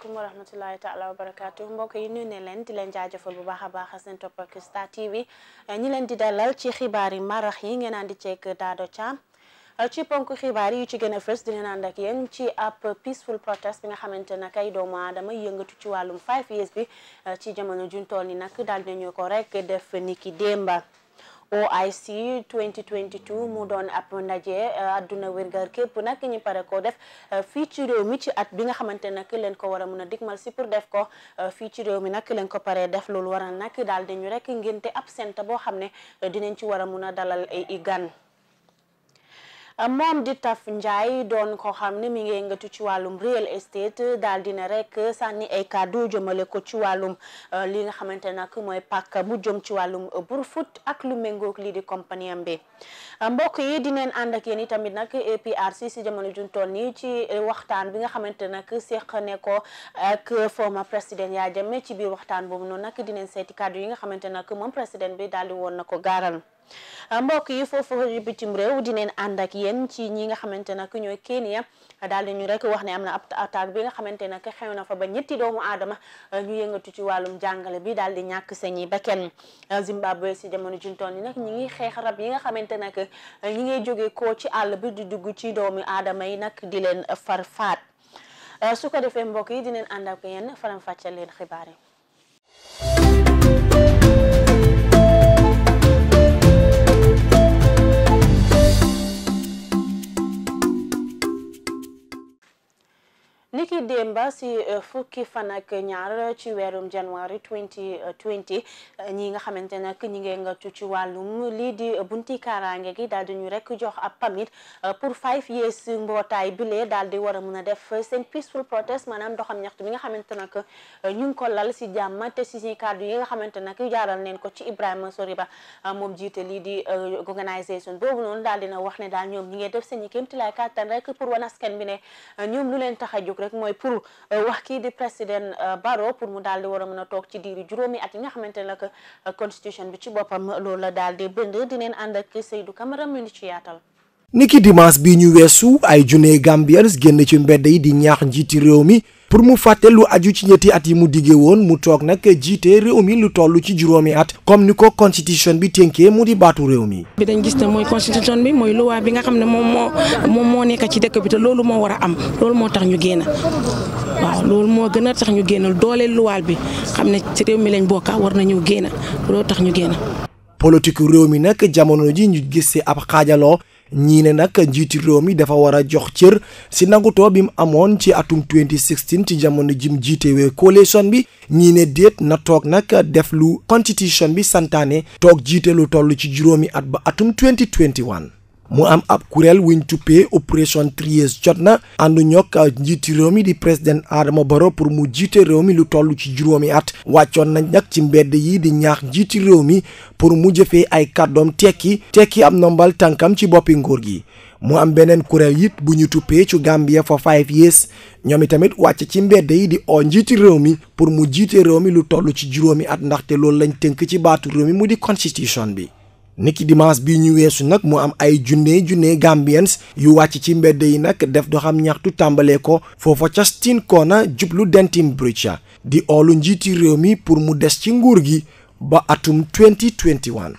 asalaamaaleykum wa rahmatullahi taala wa barakaatu mbokk yi nu ne leen di leen jaajëfal bu baax a baax seen topp ak Star TV ñi leen di dalal ci xibaar yi marax yi ngeen àndi ceeg Dado Thiam ci ponk xibaar yi yu ci gën a di dina ànd ak yéen ci ab peaceful protest bi nga xamante ne kay doomu aadama yëngatu ci wàllum five years bi ci jamono juntool ni nag daal dinañu ko rek def niki démba OIC 2022 mu doon ab ndaje adduna euh, wérgal képp nag ñu pare koo def euh, fii ci réew mi ci at bi nga xamante nag leen ko war a mën a digmal si pour def ko euh, fii ci réew mi nag leen ko paree def loolu waral nag daal ñu rek ngénte ab sent boo xam ne dinañ ci war a mën a dalal ay gan moom di taf Ndiaye doon ko xam ne mi ngi yëngatu ci wàllum real estate daal dina rek sànni ay kàddu jëmale ko ci wàllum euh, li nga xamante nag mooy pàkk bu jëm ci wàllum burfut ak lu méngoog lii di compagnie am bi mbokk yi dineen ànd ak yéen i tamit nag APRC si jamono juntoon nii ci euh, waxtaan bi nga xamante nag seq ne ko ak former président yaa Jammeh ci biir waxtaan boobu noonu nag dineen seeti kàddu yi nga xamante nag moom président bi daal di woon na ko gaaral mbokk yi foofu bitim réew dineen ànd ak yéen ci ñi nga xamante nak ñooy Kenya daal di ñu rek wax ne am na ab attaque bi nga xamante nak xew na fa ba ñetti doomu aadama ñu yëngatu ci wàllum jàngale bi daal di ñàkk seeni bakkan Zimbabwe si jamono juntoon yi nag ñi ngi xeex rab yi nga xamante nag ñi ngay jóge ko ci àll bi di dugg ci doomu aadama yi nag di leen far faat su ko defee mbokk yi dineen àndak ak yéen faram fàcceel leen xibaar yi niki démba si euh, fukki fan ak ñaar ci weerum januari 2020 euh, ñi nga xamante nag ñi ngee nga tu ci wàllum lii di bunti kaaraange gi daal di ñu rek jox ab pamit euh, pour five years mbootaay bilee daal di war a mën a def seen peaceful protest maanaam doxam ñaxtu bi nga xamante nag ñu ngi ko lal si jàmm te si si yi nga xamante nag jaaral neen ko ci Ibrahima Soriba moom jiite lii di organisation boobu noonu daal dina wax ne daal ñoom ñi ngee def seen i kéemtilaay kàttan rek pour wan askan bi ne ñoom lu leen tax a jóg rek mooy pour euh, wax kii di président euh, Barrow pour mu daal di war a mën a toog ci diiru juróomi at yi nga xamante ne nag euh, constitution bi ci boppam loolu la daal di bind dineen ànd ak Seydou Camara mu ngi ci yaatal. niki dimance bi ñu weesu ay junne Gambians génn ci mbedd yi di ñaax njiiti réew mi. pour mu fàtte lu aju ci ñetti at yi mu diggee woon mu toog nag jiite réew mi lu toll ci juróomi at comme ni ko constitution bi tënkee mu di baatu réew mi. bi dañ gis ne mooy constitution bi mooy loi bi nga xam ne moom moo moom moo nekk ci dëkk bi te loolu moo war am loolu moo tax ñu génn waaw loolu moo gën a tax ñu génn dooleel luwaal bi xam ne ci réew mi lañ bokka war nañu génn loolu tax ñu génn. politique réew mi nag jamono ji ñu gis ci ab xaajaloo ñii ne nag njiiti réew mi dafa war a jox cër si nangutoo bi mu amoon ci atum 2016 ci jamono jim jiitewee son bi ñii ne déet na toog nag def lu constitution bi santaane toog jiite lu toll ci juróomi at ba atum 2021 mu am ab kuréel wuñ tuppee opération Tries jot na àndu ñokk njiiti réew mi di président Adama Barrow pour mu jiite réew mi lu toll ci juróomi at wàccoon nañ nag ci mbedd yi di ñaax njiiti réew mi pour mu jëfee ay kàddoom tekki tekki am nombal tànkam ci boppi nguur gi mu am beneen kuréel it bu ñu tuppee cu Gambia for five years ñoom itamit wàcce ci mbedd yi di oo njiiti réew mi pour mu jiite réew mi lu toll ci juróomi at ndaxte loolu lañ tënk ci baatu mi mu di constitution bi niki dimanche bii ñu weesu nag mu am ay junne junne gambiens yu wàcc ci mbedd yi nag def doxam ñaxtu tàmbalee ko foofa ca Steen Corner jublu Denton Bridge di oolu njiiti réew mi pour mu des ci nguur gi ba atum 2021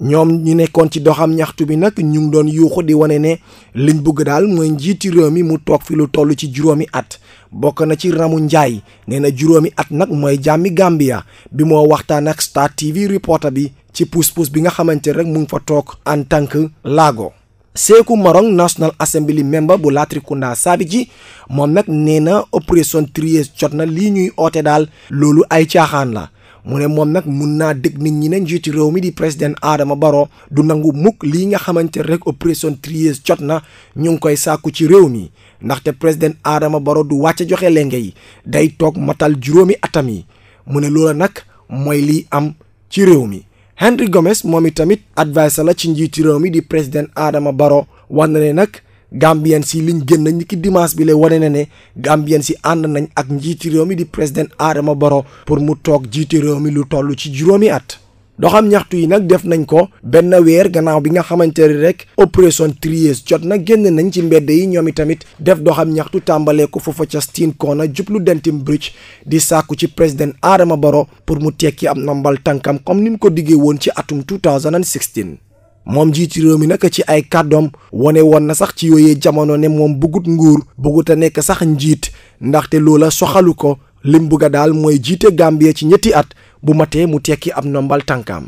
ñoom ñu nekkoon ci doxam ñaxtu bi nag ñu ngi doon yuuxu di wane ne liñ bëgg daal mooy njiiti réew mi mu toog fi lu toll ci juróomi at bokk na ci Ramu Njaay nee na juróomi at nag mooy jàmmi Gambia bi moo waxtaan ak Star TV reporter bi ci pousse-pousse bi nga xamante rek mu ngi fa toog en tant que laago Sékou Marong National Assembly member bu Latrikunda ji moom nag nee na opération Therese jot na lii ñuy oote daal loolu ay caaxaan la mu ne moom nag mun naa dégg nit ñi ne njiitu réew mi di président aadama Barrow du nangu mukk lii nga xamante rek opération Therese jot na ñu ngi koy saaku ci réew mi ndaxte président aadama Barrow du wàcce joxe lenge yi day toog matal juróomi atam yi mu ne loola nag mooy lii am ci réew mi Henry Gomez moom itamit adviser la ci njiitu réew mi di président Adama Barrow wax na ne nag Gambien si liñ génn ñi ki dimanche bi lay wane na ne Gambien si ànd nañ ak njiitu réew mi di président Adama Barrow pour mu toog jiite réew mi lu toll ci juróomi at. doxam ñaxtu yi nag def nañ ko benn weer gannaaw bi nga xamante ne rek opération Therese jot na génn nañ ci mbedd yi ñoom itamit def doxam ñaxtu tàmbalee ko foofa ca Steen Corner jublu Denton Bridge di sàkku ci président Adama Barrow pour mu tekki am nambal tànkam comme ni mu ko diggee woon ci atum 2016. moom jiiti réew mi naka ci ay kàddoom wane woon na sax ci yooyee jamono ne moom bëggut nguur bëggut a nekk sax njiit ndaxte loola soxalu ko lim bugg daal mooy jiite Gambie ci ñetti at bu matee mu tekki ab ndombal tànkaam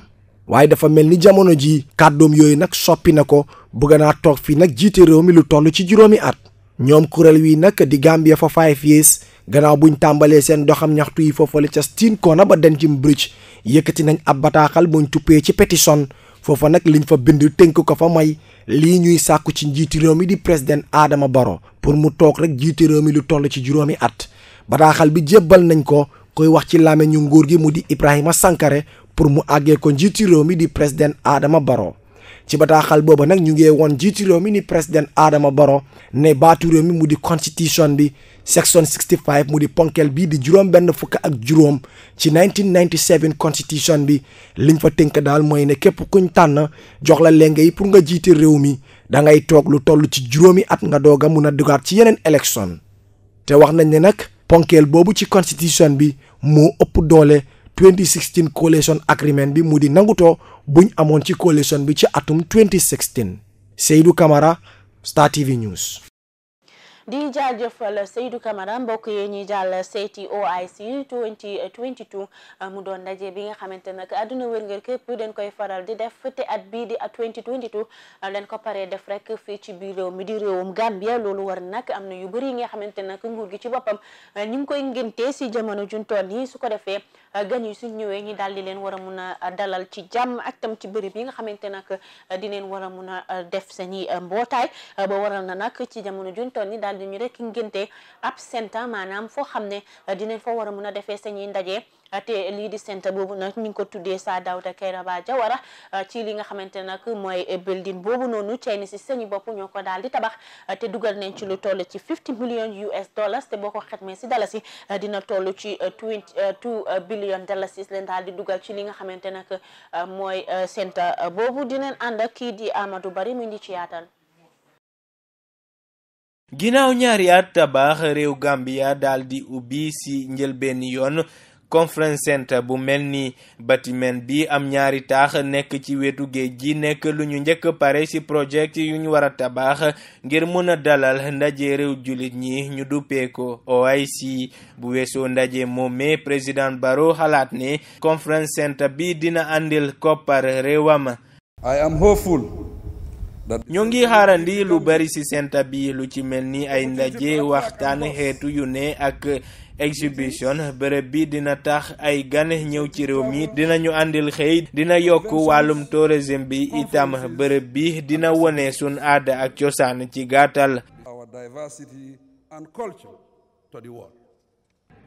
waaye dafa mel ni jamono ji kàddoom yooyu nag soppi na ko bëgg naa toog fii nag jiite réew mi lu toll ci juróomi at ñoom kuréel wi nag di Gambia for five years gannaaw buñ tàmbalee seen doxam ñaxtu yi foofale ca Steen Corner ba Denchim Bridge yëkkati nañ ab bataaxal buñ tuppee ci pétition foofa nag liñ fa bind tënk ko fa may lii ñuy sàkku ci njiiti réew mi di président aadama Barrow pour mu toog rek jiiti réew mi toll ci juróomi at bataaxal bi jébbal nañ ko koy wax ci làmmiñu nguur gi mu di Ibrahima Sankare pour mu àggee ko njiitu réew mi di président aadama Barrow ci bataaxal booba nag ñu ngi woon njiitu réew mi ni président aadama Barrow ne baatu réew mi mu di constitution bi section 65 mu di ponkel bi di juróom benn fukk ak juróom ci 1997 constitution bi liñ fa tënk daal mooy ne képp kuñ tànn jox la lenge yi pour nga jiite réew mi da ngay toog lu toll ci juróomi at nga doog a mun a dugaat ci yeneen élection te wax nañ ponkeel boobu ci constitution bi moo ëpp doole 2016 coalition agreement bi mu di nangutoo buñ amoon ci coalition bi ci atum 2016 seydu Camara Star TV News. di jëfal Seydou Camara mbokk yee ñuy jàll seeti OIC 2022 uh, mu doon ndaje bi nga xamante nag àdduna wërngër képp dañ koy faral di def te at bii di at 2022 uh, leen ko paree def rek fii ci biir réew mi di réewum Gambia loolu war nag am na yu bëri yi nga xamante nag nguur gi ci boppam uh, ñu koy ngénte si jamono juntoon yi su ko defee gan yi suñ ñëwee ñi daal di leen war a mun a dalal ci jàmm ak tam ci bëri yi nga xamante nag di leen war a mun a def seeni mbootaay ba waral na nag ci jamono juntoon daal ñu rek ngénte ab senta maanaam foo xam ne dinañ foo war a mun a defee sañuy ndaje te lii di senta boobu nag ñu ngi ko tuddee Sir Dawda Kairaba Jawara ci li nga xamante ne nag mooy building boobu noonu Chinese si seen bopp ko daal di tabax te dugal nañ ci lu toll ci 50 million US dollars te boo ko xetmee si dalasi dina toll ci 2 billion dalasi leen daal di dugal ci li nga xamante nag mooy senta boobu dinañ ànd ak kii di Amadou Bari mu ngi ci yaatal ginaaw ñaari at tabax réew Gambia daal di ubbi ci njëlbenn yoon conference centre bu mel ni bâtiment bi am ñaari taax nekk ci wetu géej gi nekk luñu ñu njëkk pare ci projet yu ñu war a tabax ngir mëna dalal ndaje réew jullit ñi ñu duppee ko OIC bu weesoo ndaje moomee président Barrow xalaat ne conference centre bi dina àndil koppar réewam. I am hopeful. ñoo ngi xaarandi lu bari ci senta bi lu ci mel ni ay ndaje waxtaan xeetu yu ne ak exhibition bërëb bi dina tax ay gan ñëw ci réew mi dinañu àndil xëy dina yokk wàllum tourisme bi itam bërëb bi dina wone sun aada ak cosaan ci gàttal. Our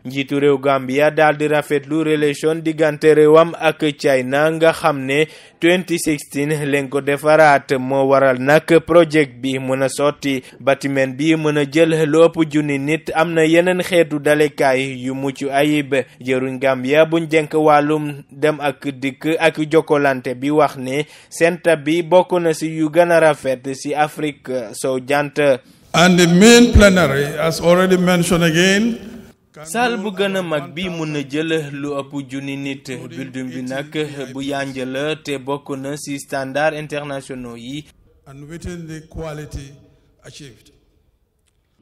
njiitu réew Gambia daal di rafetlu relation diggante réewam ak China nga xam ne 2016 leen ko defaraat moo waral nag projet bi mën a sotti bâtiment bi mën a jël lu ëpp junni nit am na yeneen xeetu dalekaay yu mucc ayib jëruñ Gambia bu njënk wàllum dem ak dikk ak jokkalante bi wax ne senta bi bokk na ci yu gën rafet ci Afrique soo jant. And the main plenary as already mentioned again. saal bu gën mag bi mën a jël lu ëpp junni nit building bi nag bu yànj te bokk na ci standard internationaux yi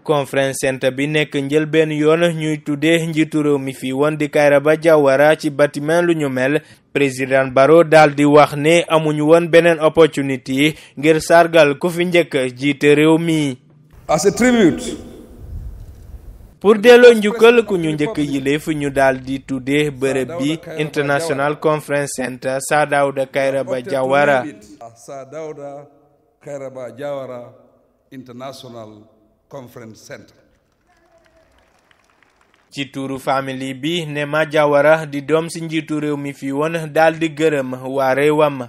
conférence centre bi nekk njëlbeen yoon ñuy tuddee njiitu réew mi fii woon di ba Jawara ci bâtiment lu mel président Barrow daal di wax ne amuñu woon beneen opportunité ngir sargal ku fi njëkk jiite réew mi. pour delloo njukkal ku ñu njëkk yilif ñu daal di tuddee bërëb bi International Conference Center Sir Dawda Kairaba Jawara ci tuuru famille bi Nema Jawara di doom si njiitu réew mi fi woon daldi di gërëm waa réewam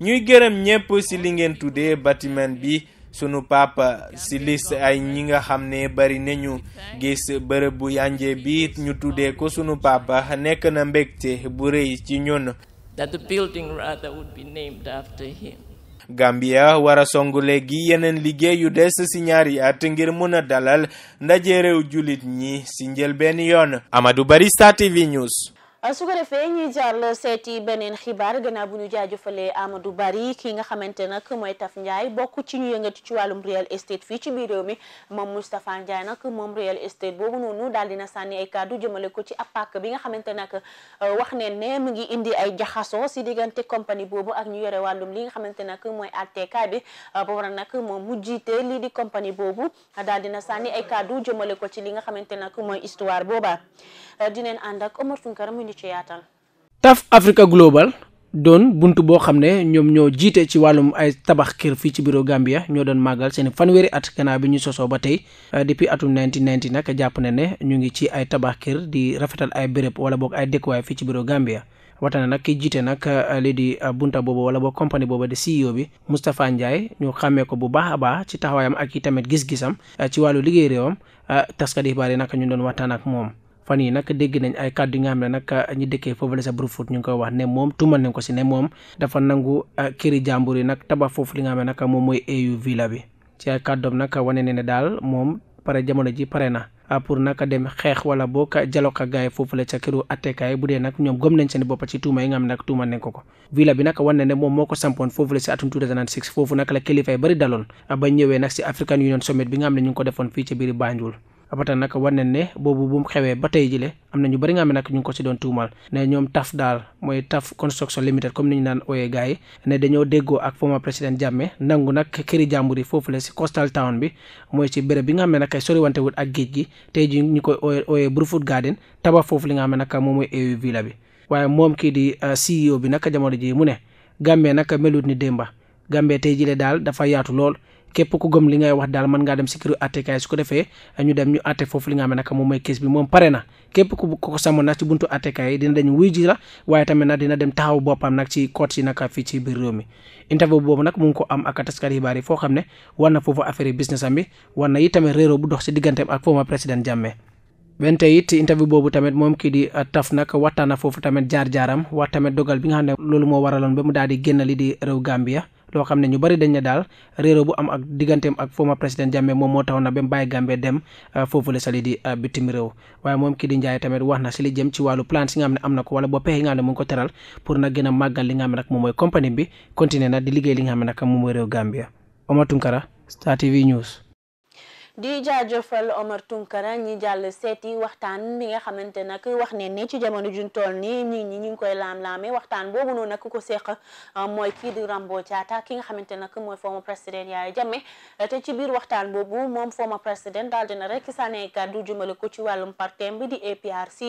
ñuy gërëm ñépp ci li ngeen tuddee bâtiment bi sunu papa silis ay ñi nga xam ne bari nañu gis bërëb bu yànje biit ñu tuddee ko sunu papa nekk na mbégte bu rëy ci ñun. that the building Gambia war a song léegi yeneen liggéey yu des ci ñaari at ngir mën a dalal ndaje réew jullit ñi ci njëlbeen yoon. Amadou Barry Star TV News. su ko defee ñuy jàll seeti beneen xibaar gannaaw bu ñu jaajëfalee Amadou Bari ki nga xamante nag mooy Taf njaay bokk ci ñu yëngati ci wàllum real estate fii ci biir réew mi moom Moustapha Ndiaye nag moom real estate boobu noonu daal dina sànni ay kàddu jëmale ko ci ab pàcc bi nga xamante nag euh, wax ne ne mu ngi indi ay jaxasoo si diggante compagnie boobu ak ñu yore wàllum li nga xamante nag mooy àttekaay bi euh, ba a nag moom mu jiite lii di compagnie boobu daal dina sànni ay kàddu jëmale ko ci li nga xamante nag mooy histoire booba euh, ànd ak Omar Tunkara ci yaatal. TAF Africa Global doon bunt boo xam ne ñoom ñoo jiite ci wàllum ay tabax kër fii ci bureau Gambia ñoo doon màggal seen fanweeri at gannaaw bi ñu sosoo ba tey euh, depuis atum 1990 nag jàpp na ne ñu ngi ci ay tabax kër di rafetal ay béréb wala boo ay dëkkuwaay fii ci bureau Gambia. waxtaan nag ki jiite nag euh, lii di euh, bunta boobu wala boog compagnie boobu di CEO bi Moustapha Ndiaye ñu xàmmee ko bu baax a baax ci taxawaayam ak i tamit gis-gisam ci wàllu liggéey réewam taskat xibaar yi nag ñu doon waxtaan ak moom. fan yi nag dégg nañ ay kàddu yi nga xam ne nag ah, ñi dëkkee foofu la sa Brufut ñu ngi ko wax ne moom tuumal nañ ko si ne moom dafa nangu ah, këri jàmbur yi nag foofu li nga xam ne nag moom mooy villa bi ci ay kàddoom daal naka ah, moom moo ko sampoon foofu la si atum 2006 foofu nag la kilifa yi bari daloon ba ñëwee nag si African Union Summit bi nga ne ñu ngi ko defoon fii ci biir Banjul ba tey nag wane ne boobu bu mu xewee ba tey jile am na ñu bëri nga xam ne ñu ngi ko si doon tuumal ne ñoom taf daal mooy taf construction limited comme ni ñu naan ooyee gars yi ne dañoo déggoo ak former président Jammeh nangu nag këri jàmbur yi foofu la si coastal town bi mooy si béréb bi nga xam ne nag sori wante wut ak géej gi tey ji ñu koy ooyee ooyee Brufut Garden tabax foofu li nga xam ne nag moom mooy AU villa bi waaye moom kii di uh, CEO bi nag jamono ji mu ne Gambie nag melut ni démba Gambie tey jile daal dafa yaatu lool képp ku gëm li nga wax daal mën nga dem si këru attekaay su ko defee ñu dem ñu atte foofu li nga xam ne nag moom mooy kees bi moom pare na képp ko samoon nag ci buntu attekaay yi dina dañu wuy ji la waaye tamit nag dina dem taxaw boppam nag ci court si nag fii ci biir réew mi interview boobu nag mu ngi ko am ak taskat xibaar yi foo xam ne war na foofu affaire yi business am bi war na itamit réeroo bu dox si digganteem ak former président Jammeh benn it interview boobu tamit moom kii di uh, taf nag waxtaan na foofu tamit jaar-jaaram wax tamit dogal bi nga xam ne loolu moo waraloon ba mu daal di génn li di réew Gambia loo xam ne ñu bari dañ ne daal réero bu am ak digganteem ak former président Jammeh moom moo taxoon na ba mu bàyyi Gambie dem euh, foofule sali euh, bitim réew waaye moom kii tamit wax na si li jëm ci wàllu plan si nga xam ne am na ko wala boo pexe yi nga xam ne mu ko teral pour na gën a màggal li nga ne nag moom mooy compagnie bi continuer na di liggéey li nga ne nag moom mooy réew Gambia Omar Tunkara Star TV News di jaajëfal Omar Tunkara ñi jàll seeti waxtaan bi nga xamante nag wax ne ni ci jamono juñ toll nii nit ñi ñu ngi koy laam-laamee waxtaan boobu noonu nag ko seq euh, mooy kii di Rambo Diatta ki nga xamante nag mooy former président Yaya Jammeh te ci biir waxtaan boobu moom former président daal dina rek sànnee kaddu jëmale ko ci wàllum parte bi di APRC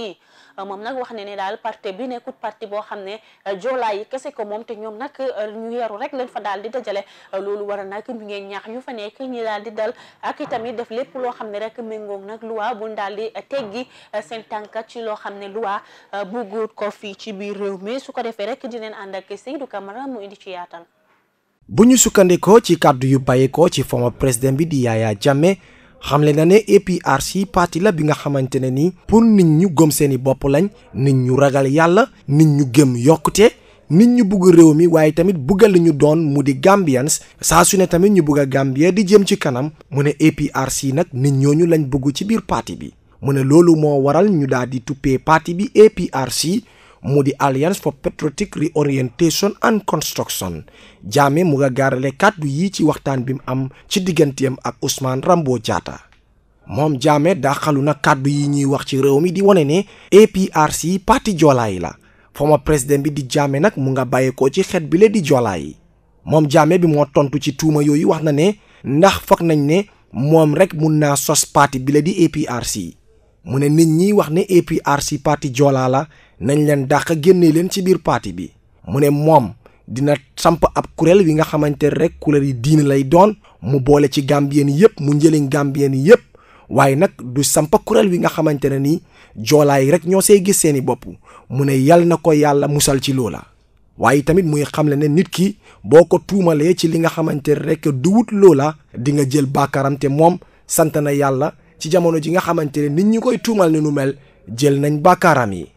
euh, moom nag wax ne ne daal parte bi nekkut parti boo xam ne euh, joolaa yi kese ko moom te ñoom nag ñu yaru rek lañ fa daal di dajale loolu war nag mi ngeen ñaax ñu fa nekk ñi daal di dal def lépp loo xam ne rek méngoog nag loi bu ñu daal di teggi euh, seen tànka ci loo xam ne loi euh, bu guur ko fii ci biir réew mi su ko defee rek dineen ànd ak Seydou Camara mu indi ci yaatal. bu ñu sukkandikoo ci kàddu yu bàyyeekoo ci former président bi di Yaya Jammeh xamle na ne APRC parti la bi nga xamante ne ni pour nit ñu gëm seeni bopp lañ nit ñu ragal yàlla nit ñu gëm yokkute. nit ñu bugg réew mi waaye tamit buggal li ñu doon mu di Gambians saa su ne tamit ñu bugg a Gambia di jëm ci kanam mu ne APRC nag nit ñooñu lañ bëgg ci biir parti bi mu ne loolu moo waral ñu daal di tuppee parti bi APRC mu di Alliance for Patriotic Reorientation and Construction Jammeh mu nga gaarale kàddu yi ci waxtaan bi mu am ci digganteem ak Ousmane Rambo Jatta moom Jammeh daaxalu na kàddu yi ñuy wax ci réew mi di wane ne APRC parti joolaa yi la former président bi di Jammeh nag mu nga bàyyeekoo ci xeet bi le di joolaa yi moom Jammeh bi moo tontu ci tuuma yooyu wax na ne ndax foog nañ ne moom rek mun naa sos parti bi la di APRC mu ne nit ñiy wax ne APRC parti joolaa la nañ leen dàq génne leen ci biir parti bi mu ne moom dina samp ab kuréel wi nga xamante rek kuréel yi diine lay doon mu boole ci gambien yëpp mu njëliñ gambien yëpp waaye nag du samp kuréel wi nga xamante ne nii joolaay rek ñoo see gis seeni bopp mu ne yal na ko yàlla musal ci loola waaye tamit muy xamle ne nit ki boo ko tuumalee ci li nga xamante rek duwut loola di nga jël baakaaram te moom sant na yàlla ci jamono ji nga xamante ne nit ñi koy tuumal ne nu mel jël nañ baakaaram yi.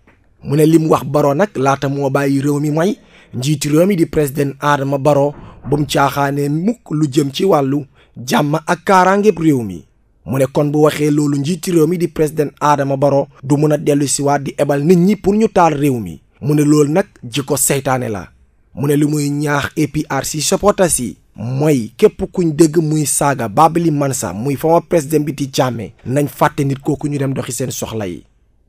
mu ne lim wax baro nag laata moo bàyyi réew mi mooy njiitu réew mi di président Adama baro bu mu caaxaanee mukk lu jëm ci wàllu jàmm ak kaaraangeeb réew mi. mu ne kon bu waxee loolu njiiti réew mi di président aadama Barrow du mun a dellu si waat di ebal nit ñi pour ñu taal réew mi mu ne loolu nag ji ko seytaane la mu ne li muy ñaax APRC supporters si mooy képp kuñ dëgg muy saaga Babili Mansa muy former président bi di Jammeh nañ fàtte nit kooku ñu dem doxi seen soxla yi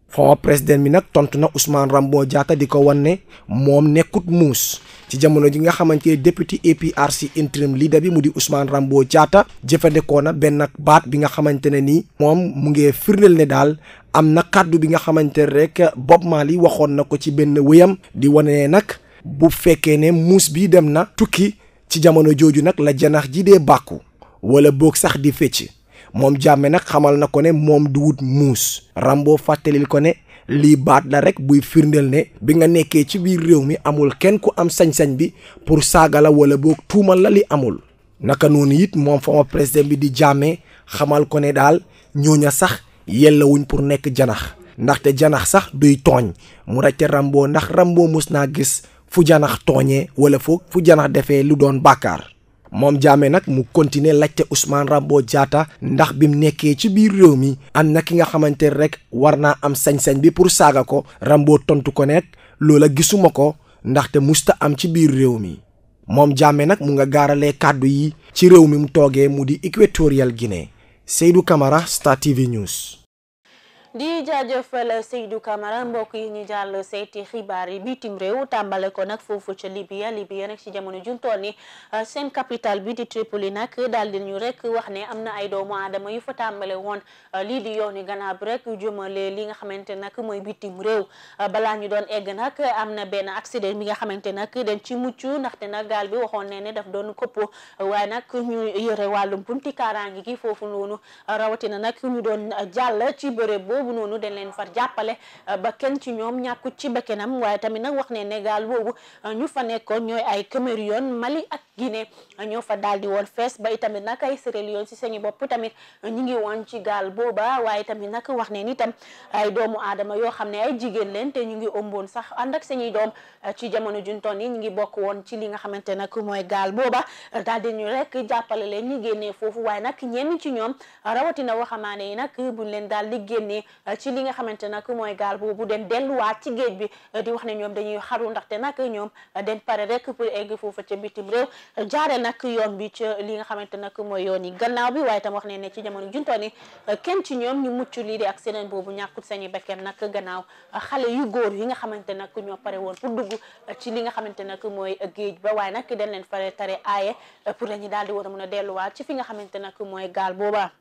former président bi nag tontu na Ousmane ramboo Diatta di ko wan ne moom nekkut muus ci jamono ji nga xamante ne député APRC interim leader bi mu di Ousmane ramboo jaata jëfandikoo na benn baat bi nga xamante ne nii moom mu ngi firndeel ne daal am na kàddu bi nga xamante ne rek Bob Marley waxoon na ko ci benn wéyam di wane nag bu fekkee ne muus bi dem na tukki ci jamono jooju nag la janax ji dee bàkku wala boog sax di fecc moom jàmme nag xamal na ko ne moom du wut muus Rambo fàttalil ko ne lii baat la rek buy firndeel ne bi nga nekkee ci biir réew mi amul kenn ku am sañ-sañ bi pour saaga la wala boog tuumal la li amul naka noonu it moom former président bi di jàmme xamal ko ne daal ñooña sax yellawuñ pour nekk janax ndaxte janax sax duy tooñ mu ràcce Rambo ndax Rambo mus naa gis fu janax tooñe wala fu fu janax defee lu doon bàkkaar moom Jammeh nag mu continuer laajte Ousmane Rambo jaata ndax bi mu nekkee ci biir réew mi am na ki nga xamante rek war naa am sañsañ bi pour saaga ko Rambo tontu ko nekk loola gisuma ko ndaxte musta am ci biir réew mi moom Jammeh nag mu nga gaaralee kàddu yi ci réew mi mu toogee mu di Équatorial Guinée Seydou Camara Star TV News di jaajëfal Seydou Camara mbokk yi ñu jàll seeti xibaar yi bitim réew tàmbale ko nag foofu ca Libya Libya nag ci jamono juntoon ni ah, seen capital bi di Tripoli nag daal di ñu rek wax ne am na ay doomu aadama yu fa tàmbale woon ah, lii di yoon yi gannaaw bi rek jëmale li nga xamante nag mooy bitim réew ah, balaa ñu doon egg nag am na benn accident bi nga xamante nag dañ ci mucc ndaxte nag gaal bi waxoon ne ne daf doon këpp waaye nag ñu yore wàllum bunti kaaraange gi foofu noonu rawatina nag boobu noonu dañ leen far jàppale euh, ba kenn ci ñoom ñàkkut ci bakkanam waaye tamit nag wax ne ne gaal boobu euh, ñu fa nekkoon ñooy ay yoon Mali ak Guinée euh, ñoo fa daal di woon fees ba itamit nag ay Sierra yoon si seeni bopp tamit ñu ngi woon ci gaal booba waaye tamit nag wax ne ni tam ay doomu aadama yoo xam ne ay jigéen leen te ñu ngi ëmboon sax ànd ak seeni doom ci jamono juntoon yi ñu ngi bokk woon ci li nga xamante nag mooy gaal booba daal di ñu rek jàppale ci li nga xamante nag mooy gaal boobu dem delluwaat ci géej bi di wax ne ñoom dañuy xaru ndaxte nag ñoom den pare rek pour egg foofu ca bitim réew jaare nag yoon bi ci li nga xamante nag mooy yoon yi gannaaw bi waaye tam wax ne ne ci jamono juntooni kenn ci ñoom ñu mucc lii di accident boobu ñàkkut sañu bekkeen nag gannaaw xale yu góor yi nga xamante nag ñoo pare woon pour dugg ci li nga xamante nag mooy géej ba waaye nag den leen fare tare aaye pour la ñu daal di war a mën a delluwaat ci fi nga xamante nag mooy gaal booba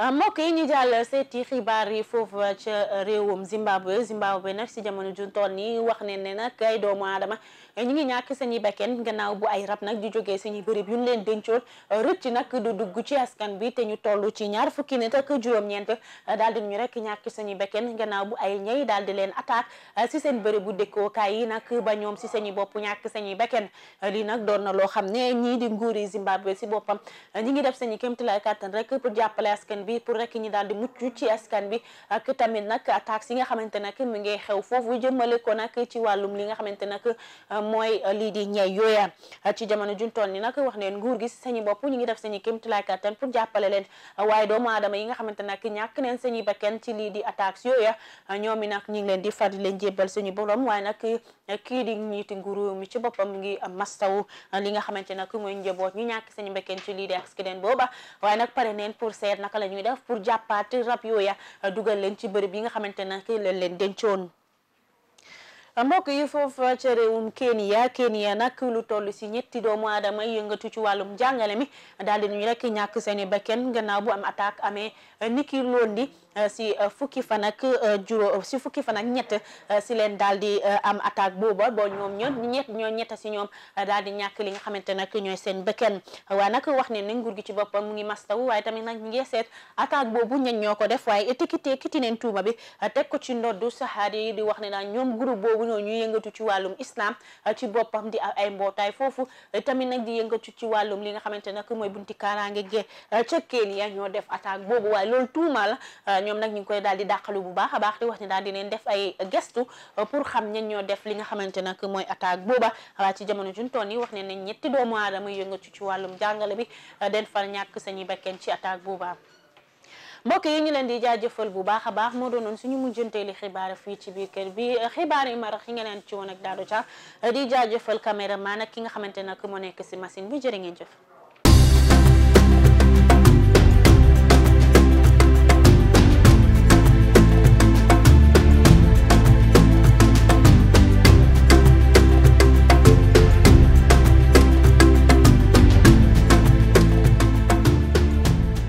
Euh, mbokk yi ñu jàll seeti xibaar yi foofu ca euh, réewum Zimbabwe Zimbabwe nag si jamono ju toll nii wax ne ne nag ay doomu aadama ñu ngi ñàkk seeni bakkan gannaaw bu ay rab nag di jógee seeni bërëb yu ñu leen dencoon rëcc nag du dugg ci askan bi te ñu toll ci ñaar fukki nit ak juróom-ñeent daal di ñu rek ñàkk seeni bakkan gannaaw bu ay ñay daal di leen attaque si seen bërëbu dëkkookaay yi nag ba ñoom si seeni bopp ñàkk seeni bakkan lii nag doon na loo xam ne ñii di nguuri Zimbabwe si boppam ñi ngi def seeni kéemtalaay kàttan rek pour jàppale askan bi pour rekk ñi daal di mucc ci askan bi ak tamit nag attaques yi nga xamante nag mu ngi xew foofu jëmale ko nag ci wàllum li nga xamante nag mooy euh, lii di ñey yooya ci jamono juntoon ni nag wax neen nguur gi si sañi bopp ñu ngi def sañi kéemtulaay kàttan pour jàppale leen waaye doomu aadama yi nga xamante nag ñàkk neen sañi bakken ci lii di attaques yooya ñoom i nag ñu ngi leen di far di leen jébbal suñu borom waaye nag kii di ñiiti nguuru mi ci boppam mu ngi mastaw li nga xamante nag mooy njaboot ñu ñàkk sañi bakken ci lii di accident booba waaye nag pare neen pour la ñuy def pour jàppaat rab yooya dugal leen ci bërëb yi nga xamante nag leen leen dencoon mbokk yi foofu ca réewum Kenya Kenya nag lu toll si ñetti doomu aadama yëngatu ci wàllum jàngale mi daal di ñu rek ñàkk seen i bakken gannaaw bu am attaque amee niki lundi eh, si eh, fukki fan ak eh, juróom si fukki fan ak ñett si leen daal di am attaque booba bo ñoom ñoo ñett ñoo ñetta si ñoom daal di ñàkk li nga xamante nag ñooy seen bakken waaye nag wax ne ni nguur gi ci boppam mu ngi mastawu waaye tamit nag ñu ngi seet attaque boobu ñen ñoo ko def waaye étiqueté kiti neen tuuma bi teg ko ci ndoddu saxaar yi di wax ne naa ñoom groupe boobu ñoo ñu yëngatu ci wàllum islam ah, ci boppam di ay mbootaay foofu eh, tamit nag di yëngatu ci wàllum li nga xamante nag mooy bunti kaaraange ge ah, ca Kenya ñoo def attaque boobu waaye lool tuuma la ah, ñoom nag ñu ngi koy daal di dàqalu bu baax a baax di wax ni daal di leen def ay gestu pour xam ñan ñoo def li nga xamante nag mooy attaque booba waaye ci jamono juntoon yi wax ne ne ñetti doomu aadama yëngatu ci wàllum jàngale bi den fa ñàkk sañuy bakken ci attaque booba mbokk yi ñu leen di jaajëfal bu baax a baax moo doonoon suñu mujjanteeli xibaar fii ci biir kër bi xibaar yu marax yi nga leen ci woon ak Dado Dia di jaajëfal caméraman ak ki nga xamante nag moo nekk si machine bi jërë ngeen jëf